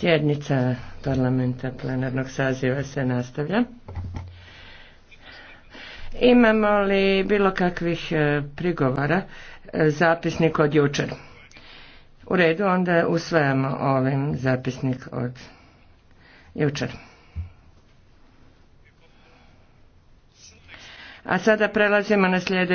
Sjednica parlamenta plenarnog saziva se nastavlja. Imamo li bilo kakvih e, prigovora e, zapisnik od jučer? U redu, onda usvajamo ovim zapisnik od jučer. A sada prelazimo na sljedeći